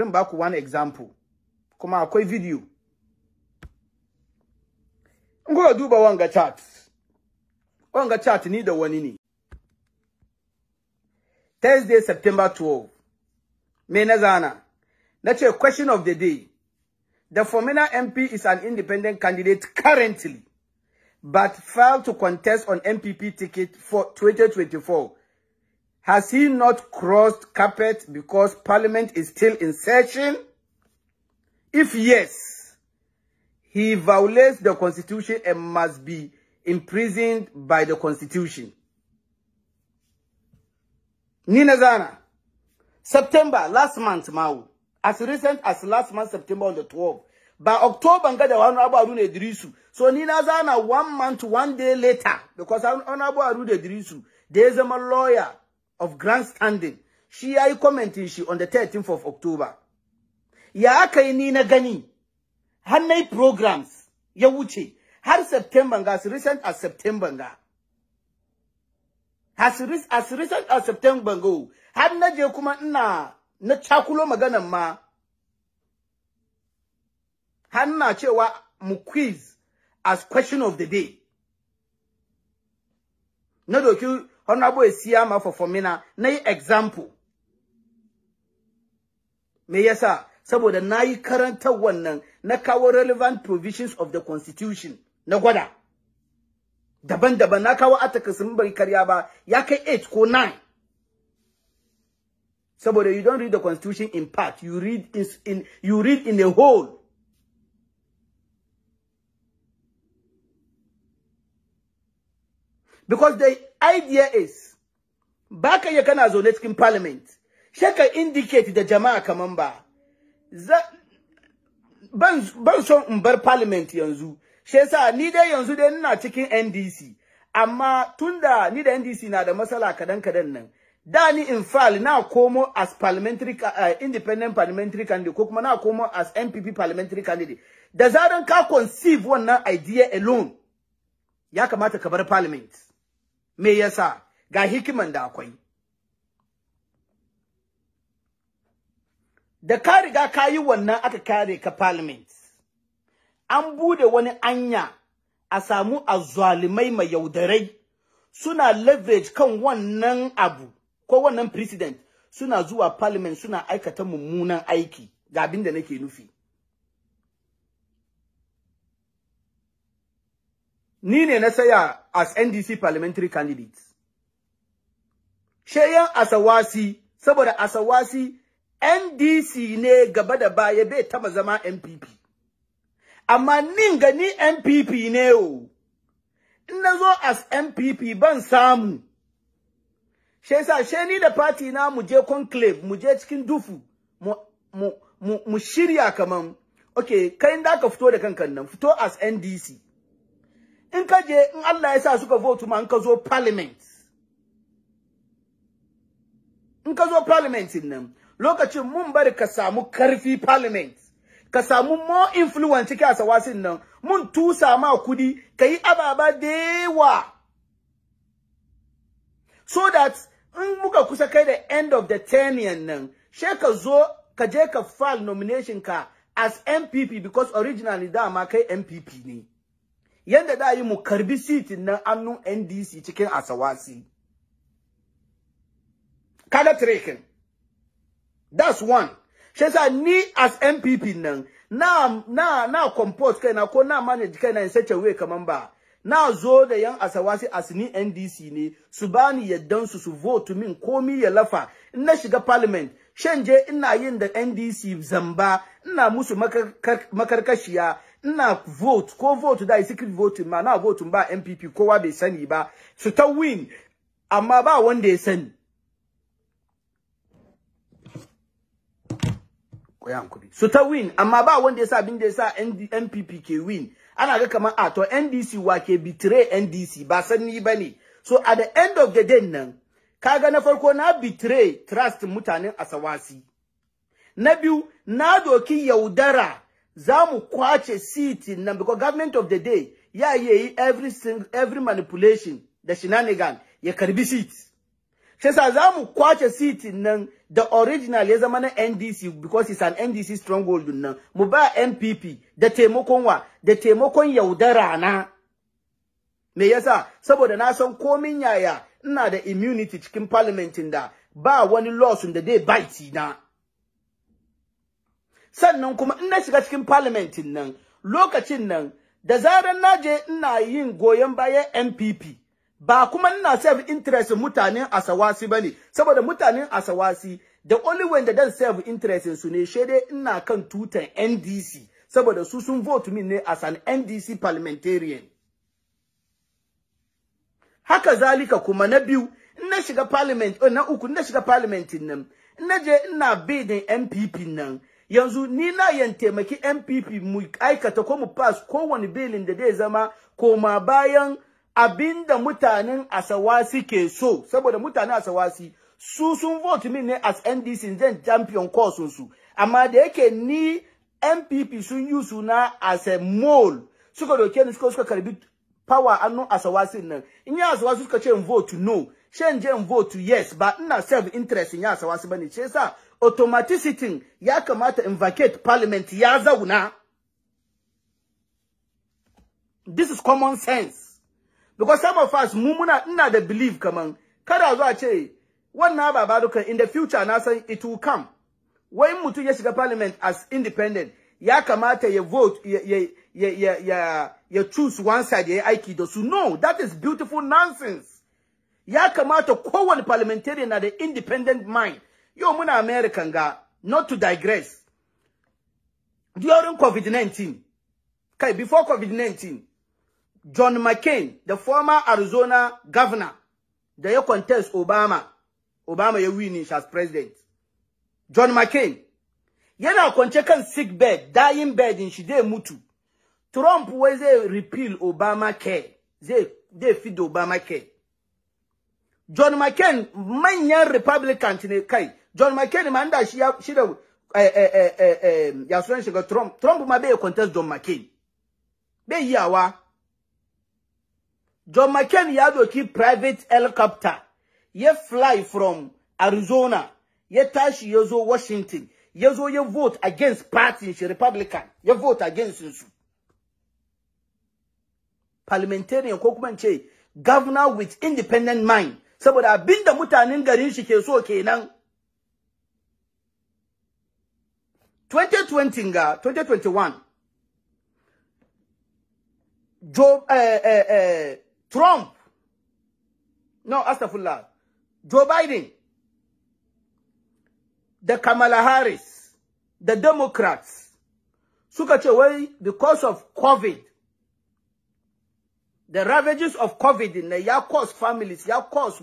I'm back with one example kuma akwai video to do duba wanga chat wanga chat ni da wani ne Thursday September 12 me That's zana question of the day the former MP is an independent candidate currently but failed to contest on MPP ticket for 2024 has he not crossed carpet because parliament is still in session? If yes, he violates the constitution and must be imprisoned by the constitution. Nina Zana, September, last month, Mao, as recent as last month, September on the 12th, by October, and the Honorable Arun Edrisu. So Nina Zana, one month, one day later, because Honorable Arun Edrisu, there's a lawyer, of grandstanding shi ya yi commenting shi on the 13th of October. Ya aka ni na gani, har na programs ya wuce, har September ga as recent as September ga. As, recent as September go, har na kuma ina na cakulo maganan ma, har na cewa mu quiz as question of the day. Na doki Honorable Esiama Fofomina na Nay example. Me yasa saboda na yi karanta wannan na relevant provisions of the constitution Nagwada. Daban-daban na kawo atakasin yake ba 8 ko 9. Saboda you don't read the constitution in part, you read in, in you read in the whole. Because they idea is baka ya kana kana zaune cikin parliament sheka indicate da jama'a kaman ba ban son in bar parliament yanzu shi yasa ni dai yanzu dai ina cikin NDC amma tunda ni da NDC na da masala kadan kadan nan da ni in fal na komo as parliamentary uh, independent parliamentary candidate ko kuma na komo as MPP parliamentary candidate da zaran ka conceive wannan idea alone ya kamata ka bar parliament me yasa ga hikiman da akwai da ka riga ka yi wannan aka kare ka parliament an bude wani anya a samu azzalimai mai yaudarai suna leverage kan wannan abu ko wannan president suna zuwa parliament suna aikata mummunan aiki ga abin da nake nufi ni ne na saya as NDC parliamentary candidate sheyan asawasi saboda asawasi NDC ne gaba da baya bai taba zama MPP amma nin gani MPP ne o in nazo as MPP ban samu shi yasa ni da pati na mu je conclave mu je cikin dufu mu mu mu, shirya kaman okay kai da ka fito da kankan nan fito as NDC in kaje je in Allah ya sa suka vote ma in ka zo parliament in ka zo parliament nan lokacin mun bari ka samu karfi parliament ka samu more influence cikin asawasin nan mun tusa ma kudi ka ababa da so that in muka kusa kai da end of the tenure nan she ka zo ka je ka file nomination ka as MPP because originally da ma kai MPP ne yanda da yi mu karbi sitin nan annun NDC cikin asawasi kada trekin that's one shi yasa ni as MPP nan na na na compose kaina ko na manage kaina in sace way kaman ba na zo da yan asawasi as ni NDC ne su bani yaddan su su vote min komi ya lafa in na shiga parliament shan je ina yin da NDC zamba ina musu makarkashiya na vote ko vote da secret voting ma na vote ba MPP kowa bai sani ba su ta win amma ba wanda ya sani koyan kudi su ta win amma ba wanda ya sa bin da ya sa MPP ke win ana ga kamar a ah, to NDC wa ke betray NDC ba sanni bane so at the end of the day nan kaga na farko na betray trust mutanen Asawasi na biyu na doki yaudara zamu mu kwace seat na. because government of the day ya iya yi every every manipulation da shenanigan ya karbi seat she zamu za mu kwace seat nan da original ya zama na NDC because it's an NDC stronghold na mu ba MPP da taimakon wa da taimakon yaudara na me yasa saboda na san komin yaya ina da immunity cikin parliament da ba wani in da dai bite na sannan kuma in na shiga cikin parliamentin nan lokacin nan da zaran na je ina yin goyon bayan NPP ba kuma ina serve interest mutanen Asawasi bane saboda mutanen Asawasi da only way that dan serve interest su ne shede ina kan tutan NDC saboda su sun vote min ne as an NDC parliamentarian haka zalika kuma na biyu in na shiga parliament eh, na uku na shiga parliamentin nan in na je ina bidin MPP nan yanzu ni na yan taimaki NPP mu aikata ko mu pass kowane bilin da zai zama koma bayan abinda mutanen Asawasi ke so saboda mutanen Asawasi su sun vote min ne as NDC zan champion course su amma da yake ni mpp sun yi suna as a mole suka doke ni suka suka karbi power annun Asawasi nan in ya Asawasi suka ce vote no Change and vote to yes ba ina self interest ya sawa su bane ce sa automaticity ya kamata in parliament yaza una. this is common sense because some of us mumuna muna ina da believe kaman kada zuwa ce wannan baba dukan in the future na san it will come When mutum ya shiga parliament as independent ya kamata ya vote ye ye ye ye ya choose one side ye aiki da no that is beautiful nonsense ya kamata kowane parliamentarian na the independent mind yau muna american ga not to digress during covid-19 kai before covid-19 john mccain the former arizona governor the ya contest obama obama ya win as president john mccain yana kwance kan sick bed dying bed in Shide mutu trump wai repeal obama care they feed obama care John McCain many Republican ne kai. John McCain ma da shi ya shi da eh eh eh eh, eh um, ya Trump. Trump ma be contest John McCain. Be yawa. John McCain ya doki private helicopter. Ya fly from Arizona. Ya touch ya Washington. Ya zo vote against party she Republican. Ya vote against su. Parliamentarian ko kuma governor with independent mind saboda abinda mutanen garin shi ke so kenan 2020 ga 2021 Joe eh, eh, eh, Trump no Joe Biden da Kamala Harris da Democrats suka ce wai because of COVID The ravages of COVID ne ya cause families, ya cause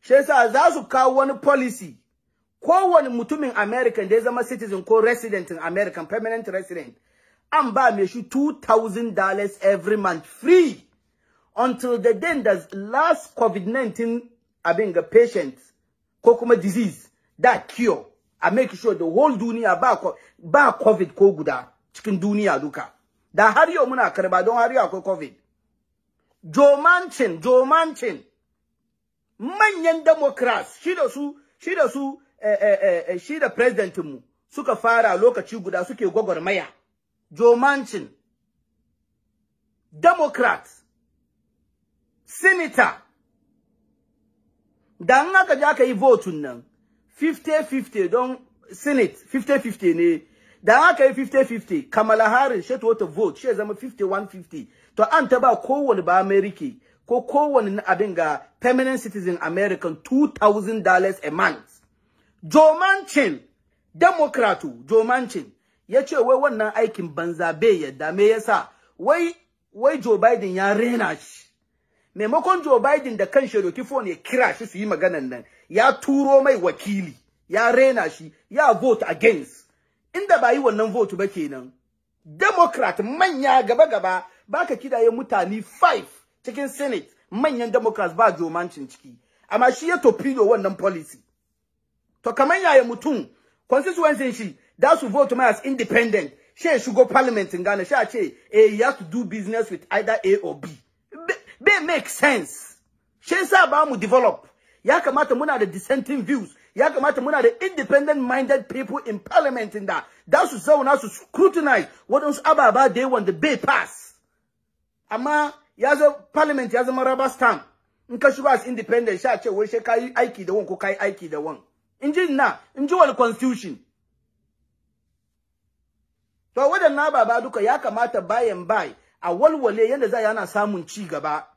She says yasa za one policy. wani policy. Kowane mutumin American da ya my citizen co resident in American, permanent resident, an ba mai shi $2,000 every month free until the then the last COVID-19 abin ga patient ko disease that cure. I make sure the whole dunia ba, COVID ko guda cikin duniya da har yau muna karba don har yau akwai covid jomancin jomancin manyan democrats shi da su shi da su eh, eh, eh, eh shi da presidentinmu suka fara lokaci guda suke gwagwarmaya jomancin democrat senator da an aka ji aka yi votun nan 50-50 don senate 50-50 ne da aka yi 50-50 kamala harin shi ta wata vote shi zama 51-50 to an ta ba kowane ba america ko kowane abin ga permanent citizen american $2,000 a month joe manchin democratu joe manchin ya ce wai wannan aikin banza bai ya dame yasa wai wai joe biden ya rena shi maimakon joe biden da kan shedoki ya kira shi su yi maganan nan ya turo mai wakili ya rena shi ya vote against inda ba yi wannan vote ba kenan democrat manya gaba gaba baka kidaye mutane 5 cikin senate manyan democrats ba jomancin ciki amma shi ya torpedo wannan policy to kaman yaya mutum constituency shi da su vote mai as independent she shigo parliament in Ghana she ce eh you have to do business with either A or B bai make sense she sa ba mu develop ya kamata muna da dissenting views ya kamata muna da independent minded people in parliament in da da su zauna su scrutinize waɗansu ababa da yawan da bai pass amma ya zo parliament ya zama rubber stamp in ka shigo as independent sha ce wai sai ka aiki da wan ko ka aiki da wan in ji na in ji wal constitution to waɗannan ababa duka ya kamata bayan bay a walwale yadda za yana samun ci gaba